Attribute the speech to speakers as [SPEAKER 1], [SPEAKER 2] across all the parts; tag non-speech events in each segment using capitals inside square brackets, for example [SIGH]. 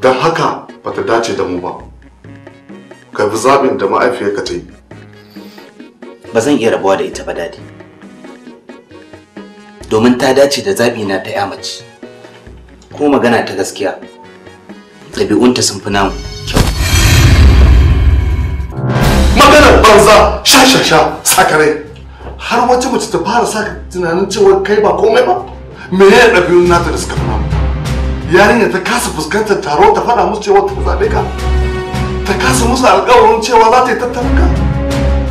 [SPEAKER 1] don haka ba ta dace da mu ba ka bi zaɓin da
[SPEAKER 2] ma'aifiyarka ta yi ba zan iya rabuwa da ita ba dadi domin ta dace da zaɓi na ta mace ko magana ta gaskiya ɗabi'unta sun fi namu
[SPEAKER 1] kyau maganar banza sha sha sha sakarai har wata mace ta fara sa tunanin cewa kai ba komai ba me ya ɗabi'un nata da suka fi namu yarinya ta kasa fuskantar taro ta faɗa musu cewa ta zaɓe ka ta kasa musu alƙawarin cewa za ta yi tattalin ka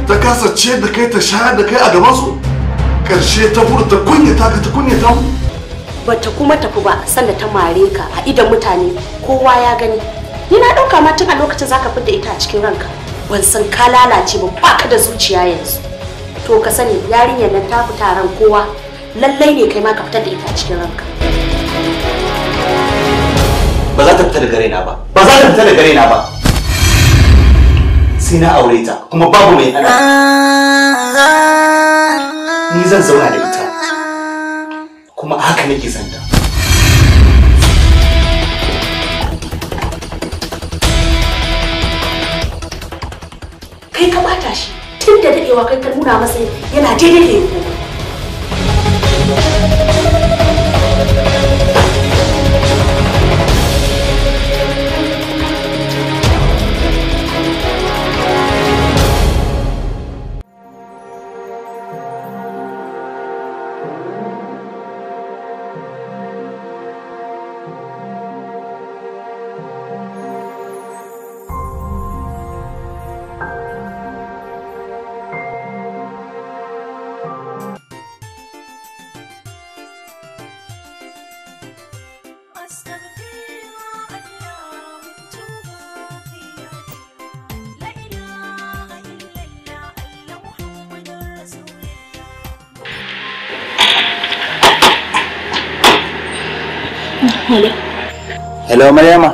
[SPEAKER 1] ta kasa ce da kai ta shayar da kai a gaban su ƙarshe ta
[SPEAKER 3] furu ta kunyata ka ta kunyata mu bata kuma tafi ba sanda ta mare ka a idan mutane kowa ya gani ni na ɗauka ma tun a lokacin zaka fidda ita a cikin ranka ban san ka lalace ba ba ka da zuciya yanzu to ka sani yarinyar nan ta fita taron kowa lallai ne kai ma ka fitar da ita a cikin ranka
[SPEAKER 2] tattara gare na ba ba za ta fita gare na ba sai na aure ta kuma babu mai ana ni zan zauna da ita kuma haka nake son ta
[SPEAKER 3] kai ka bata shi tun da dadewa kai ka nuna masa yana daidai da ya koma
[SPEAKER 4] Hello.
[SPEAKER 2] Hello Maryama.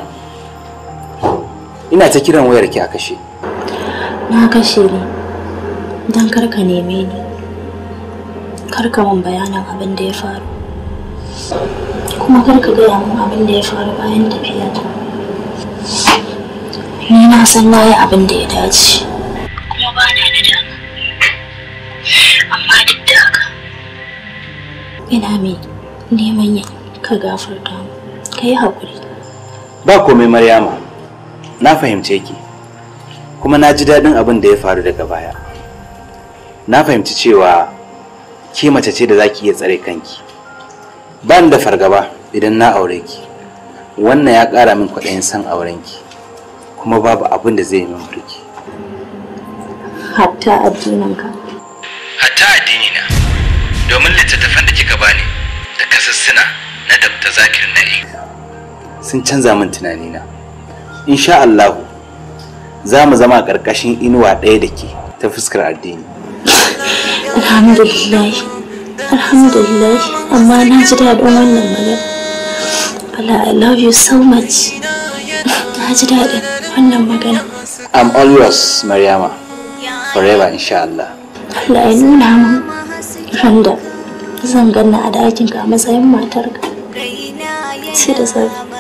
[SPEAKER 2] Ina ta kiran wayar ki a kashe.
[SPEAKER 4] Na kashe ne. Dan kar ka neme ni. Kar ka mun bayanin abin da ya faru. Kuma kar ka gaya mun abin da ya faru bayan tafiya ta. Ni na san na yi abin da ya dace. Kuma ba na da dama. Amma duk da haka. Ina mai neman yin ka gafarta mu. ka yi haƙuri
[SPEAKER 2] ba komai maryama na fahimce ki kuma na ji daɗin abin da ya faru daga baya na fahimci cewa ke mace ce da za ki iya tsare kanki ba da fargaba idan na aure ki wannan ya ƙara min kwaɗayin san aurenki kuma babu abin da zai yi min burki
[SPEAKER 4] hatta addininka hatta addinina
[SPEAKER 2] domin littattafan da kika bani da kasassuna na dabta zakir
[SPEAKER 4] na'i sun
[SPEAKER 2] canza min tunanina insha Allahu za mu zama ƙarƙashin inuwa ɗaya da ke ta fuskar addini
[SPEAKER 4] alhamdulillah alhamdulillah amma na ji daɗin wannan magana Allah I love you so much [LAUGHS] na ji daɗin wannan magana
[SPEAKER 2] I'm all yours Maryama forever insha Allah
[SPEAKER 4] Allah ya nuna min randa zan ganna a dakin a matsayin matarka sai da safe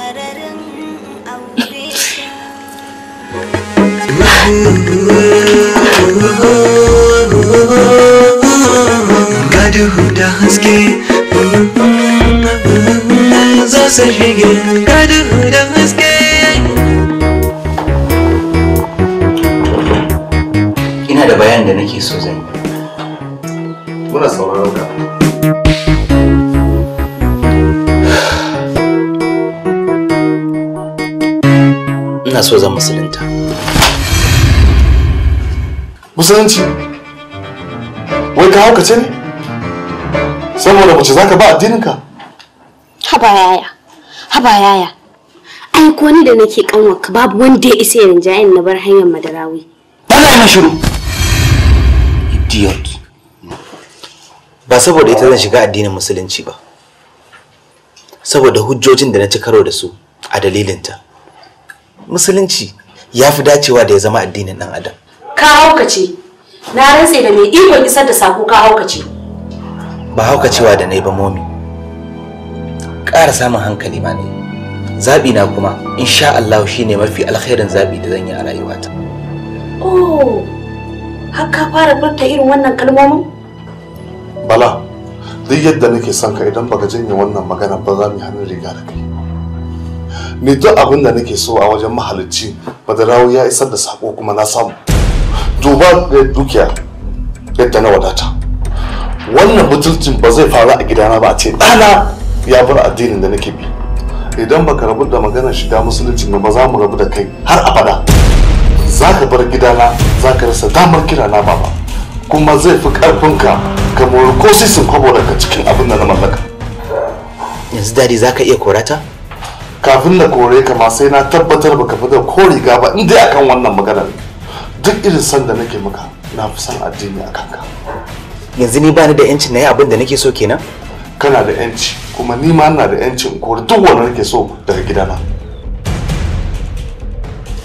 [SPEAKER 1] duhu da haske za su shige ga duhu
[SPEAKER 2] da haske ina da bayan da nake so zan yi muna sauraron ka ina so zan musulun musulunci wai ka haukace ne
[SPEAKER 1] saboda mace za ka ba addininka
[SPEAKER 3] haba yaya haba yaya ai ko ni da nake kanwarka babu wanda ya isa ya rinjayen na bar hanyar madarawi Allah ya
[SPEAKER 2] shiru idiot ba saboda ita zan shiga addinin musulunci ba saboda hujjojin da na ci karo da su a dalilinta musulunci ya fi dacewa da ya zama addinin ɗan adam
[SPEAKER 3] ka haukace na rantse da mai ikon isar da sako ka haukace
[SPEAKER 2] ba haukacewa da ne ba momi ƙara samun hankali ma ne Zabi na kuma insha Allah shine mafi alkhairin zabi da zan yi a rayuwata
[SPEAKER 3] oh har ka fara furta irin wannan kalmomin
[SPEAKER 2] bala
[SPEAKER 1] duk yadda nake son ka idan baka janye wannan magana ba za mu hannun riga da kai ni duk abin da nake so a wajen mahalicci badarawo ya isar da sako kuma na samu duba da dukiya yadda na wadata wannan mutuncin ba zai faru a gidana ba a ce ɗana ya bar addinin da nake bi idan ba ka rabu da maganar shiga musulunci ba za mu rabu da kai har abada za ka bar gidana za ka rasa damar kira na baba kuma zai fi karfinka ka mori ko sisin kwabo daga cikin abin da na mallaka yanzu dadi za ka iya korata kafin na kore ka ma sai na tabbatar ba ka fi da ko riga ba in dai akan wannan maganar duk irin san da nake maka na fi san addini a kanka yanzu ni bani da yanci na yi abin da nake so kenan kana da yanci kuma ni ma ina da yancin kori duk wanda nake so daga gidana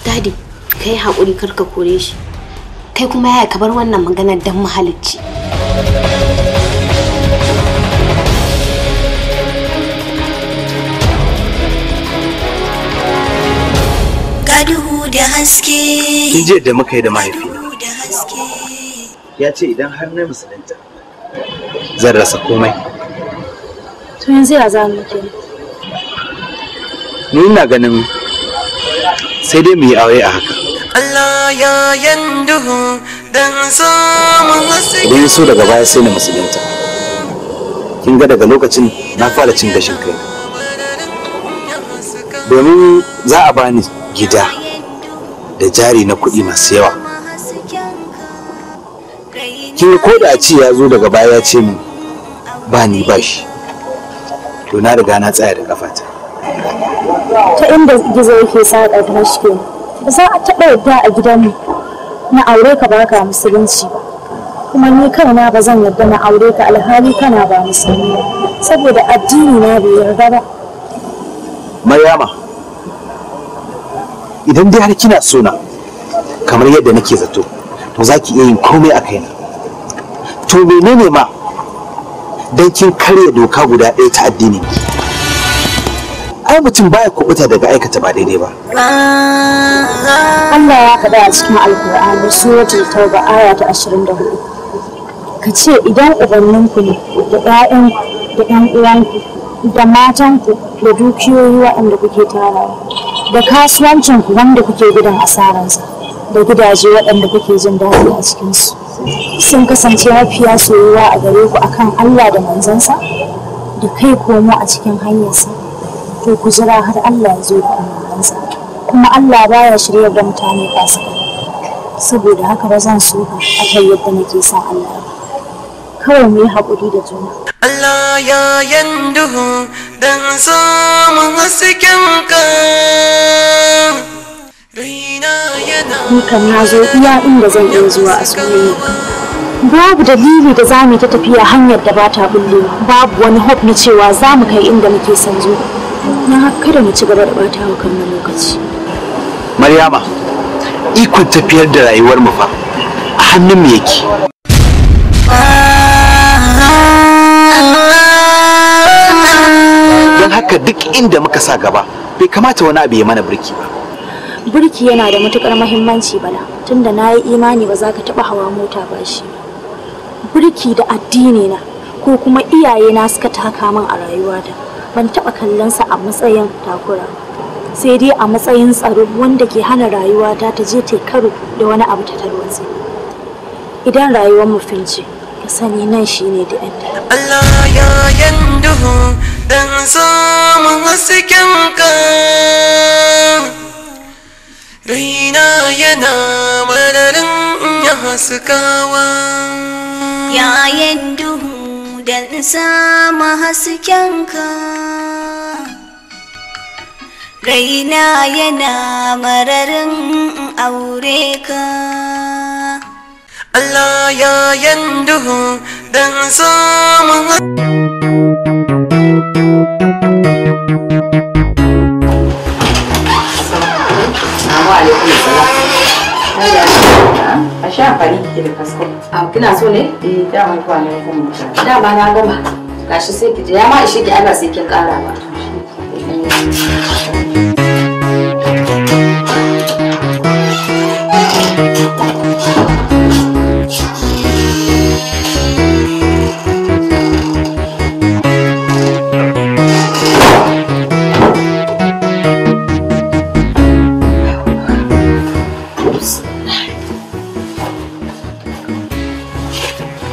[SPEAKER 3] dadi kai hakuri karka ka kore shi kai kuma yaya ka bar wannan magana dan mahalicci
[SPEAKER 4] Gado da haske
[SPEAKER 2] jiya da muka yi da mahaifi ya ce idan har na musulunta zan rasa komai
[SPEAKER 4] to yanzu ya za mu
[SPEAKER 2] ni ina ganin sai dai mu yi aure a haka
[SPEAKER 4] Allah ya yanduhu
[SPEAKER 1] dan samun haske idan
[SPEAKER 2] so daga baya sai na musulunta kin ga daga lokacin na fara cin gashin kai domin za a bani gida da jari na kuɗi masu yawa ke ko da a ce ya zo daga baya ya ce min ba ni ba shi to na riga na tsaya da kafata
[SPEAKER 4] ta inda gizo yake saƙa ta shi ba za a taɓa yadda a gidanmu na aure ka baka musulunci ba kuma ni kaina ba zan yarda na aure ka alhali kana ba musulmi saboda addini na bai yarda ba
[SPEAKER 2] maryama idan dai har kina sona kamar yadda nake zato to zaki iya yin komai a kaina to menene ma don kin karya doka guda ɗaya ta addini ai mutum baya kubuta daga aikata ba daidai ba
[SPEAKER 4] Allah ya faɗa a cikin alkur'ani suratul tauba aya ta 24 ka idan ubanninku ne da ɗayan da ɗan uwanku da matanku da dukiyoyi waɗanda kuke tarawa da kasuwancin ku wanda kuke gidan asararsa da gidaje waɗanda kuke jin daɗi a cikinsu sun kasance mafiya soyuwa a gare ku akan Allah da manzansa da kai komo a cikin hanyarsa to ku jira har Allah ya zo ku manzansa kuma Allah baya shirya ga mutane su saboda haka ba zan so a akan yadda nake sa Allah kawai mu yi haƙuri da juna
[SPEAKER 1] Allah ya
[SPEAKER 4] yanduhu dan samun hasken raina yana kan na zo iya inda zan iya zuwa a soyayya babu dalili da zamu ta tafiya hanyar da ba bata bulle babu wani hope na cewa zamu kai inda muke son zo na kada mu ci gaba da bata wa kan lokaci
[SPEAKER 2] maryama ikon tafiyar da rayuwar mu fa a hannun mu yake ah. inda muka sa gaba bai kamata wani abu ya mana birki ba
[SPEAKER 4] birki yana da matukar muhimmanci bala tunda na yi imani ba za ka taba hawa mota ba shi birki da addini na ko kuma iyaye na suka taka min a rayuwata ban taba kallon sa a matsayin takura sai dai a matsayin tsaro wanda ke hana rayuwata ta je ta karo da wani abu ta tarwatsi idan rayuwar mu finci ka sani nan shine da Allah
[SPEAKER 1] ya yanduhu dan samun hasken ka
[SPEAKER 4] raina yana mararin ya haskawa yayin duhu dan samun hasken ka raina yana mararin aure ka Allah ya duhu dan samun
[SPEAKER 3] sha amfani da kasko a kina so ne eh dama dama na gama gashi sai ki je ya ma ishe ki ana sai kin kara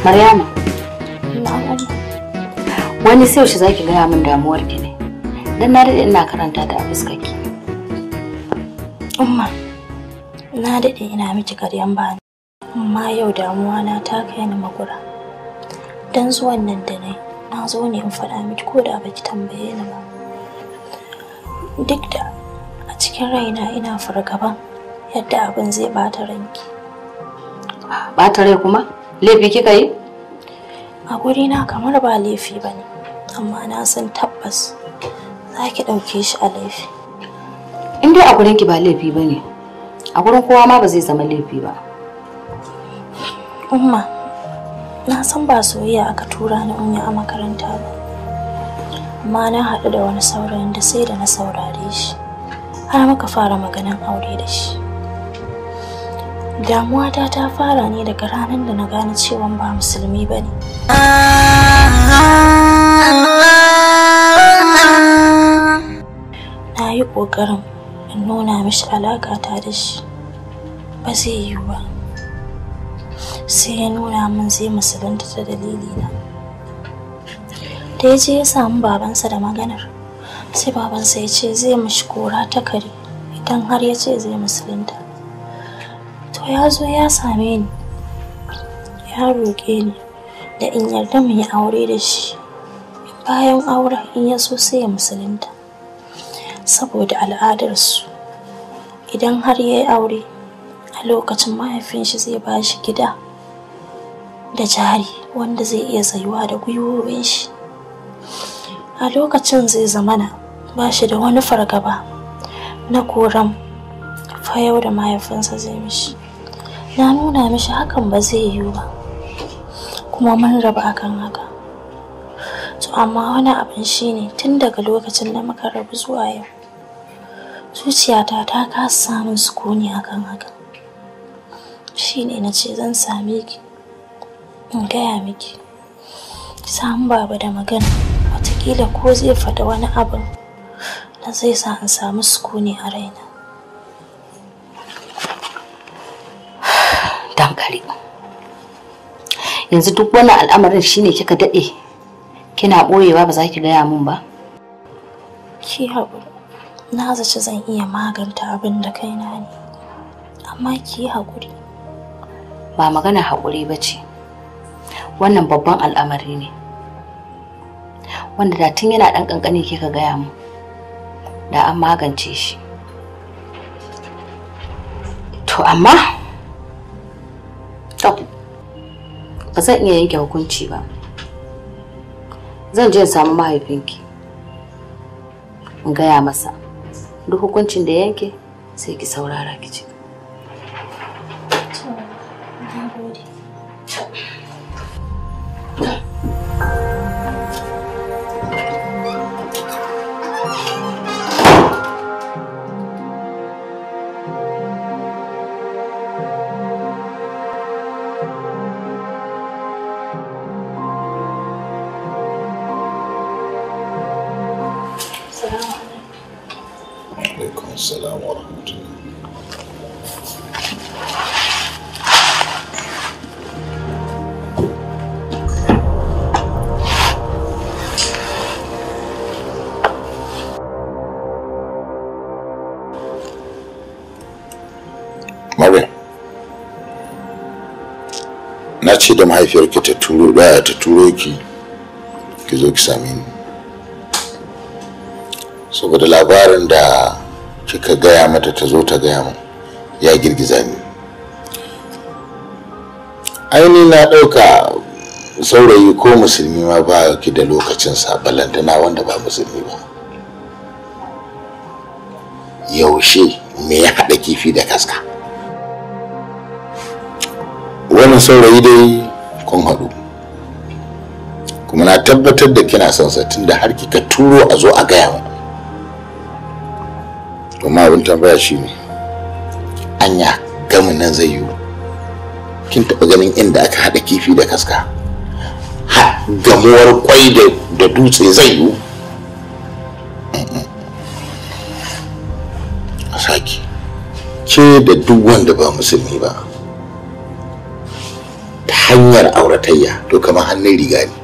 [SPEAKER 3] Maryama. Wani sai yaushe zaki gaya min damuwar ki ne. Dan na daɗe ina karanta ta a fuskarki.
[SPEAKER 4] Umma, na daɗe ina miki karyan ba amma yau damuwa na ta kai ni makura. Dan zuwan nan da nai, na zo ne in faɗa miki ko da baki tambaye ni ba. Duk da a cikin raina ina fargaban yadda abin zai bata ranki.
[SPEAKER 3] Bata rai kuma? Laifi kika yi?
[SPEAKER 4] a na kamar ba laifi ba ne amma na san tabbas za ki ɗauke shi a laifi
[SPEAKER 3] in dai a gurinki ba laifi ba ne a gurin kowa ma ba zai zama laifi ba
[SPEAKER 4] umma na san ba soyayya aka tura ni unya a makaranta ba amma na haɗu da wani saurayin da sai da na saurare shi har muka fara maganin aure da shi damuwata ta fara ne daga ranar da na gane cewa ba musulmi ba ne na yi ƙoƙarin in nuna mishi ta da shi ba zai yi ba sai ya nuna min zai musulunta ta dalili na. da ya je ya samu babansa da maganar sai babansa ya ce zai mishi kora ta kare idan har ya ce zai musulunta ya zo ya same ni ya roƙe ni da in yarda mu yi aure da shi bayan auren in ya so sai ya musulunta saboda al'adarsu idan har ya yi aure a lokacin mahaifin shi zai ba shi gida da jari wanda zai iya tsayuwa da gwiwowin shi a lokacin zai zamana ba shi da wani fargaba na koran fayau da mahaifinsa zai mishi Ya nuna mishi hakan ba zai yiwu ba kuma mun rabu akan haka to amma wani abin shine tun daga lokacin da muka rabu zuwa yau zuciyata ta kasa samun sukuni akan haka shine na ce zan same ki in gaya miki samu baba da magana watakila ko zai faɗa wani abu na zai sa in samu sukuni a raina
[SPEAKER 3] yanzu duk wannan al'amarin shine kika daɗe kina ɓoyewa ba za ki gaya mun ba
[SPEAKER 4] ki haƙuri na zaci zan iya maganta abin da kaina ne amma ki haƙuri
[SPEAKER 3] ba magana haƙuri ba ce wannan babban al'amari ne wanda da tun yana ɗan ƙanƙani kika gaya mu da an magance shi to amma ba zan iya yanke hukunci ba zan je samu mahaifinki in gaya masa duk hukuncin da yanke sai ki saurara ki cika
[SPEAKER 4] السلام ورحمة الله
[SPEAKER 2] ce da mahaifiyarki ta turo daya ta turo ki ki zo ki sami ni saboda labarin da ka gaya mata ta zo ta gaya mu ya girgiza ni aini na ɗauka saurayi ko musulmi ma ba ki da lokacin balantana wanda ba musulmi ba yaushe me ya haɗa kifi da kaska wannan saurayi dai kun haɗu kuma na tabbatar da kina son sa tunda har kika turo a zo a gaya mu domin abin tambaya shi ne anya gamin nan zai yiwu kin taɓa ganin inda aka haɗa kifi da kaska ha gamuwar kwai da dutse zai yiwu a saki ce da duk wanda ba musulmi ba ta hanyar auratayya to kamar hannun riga ne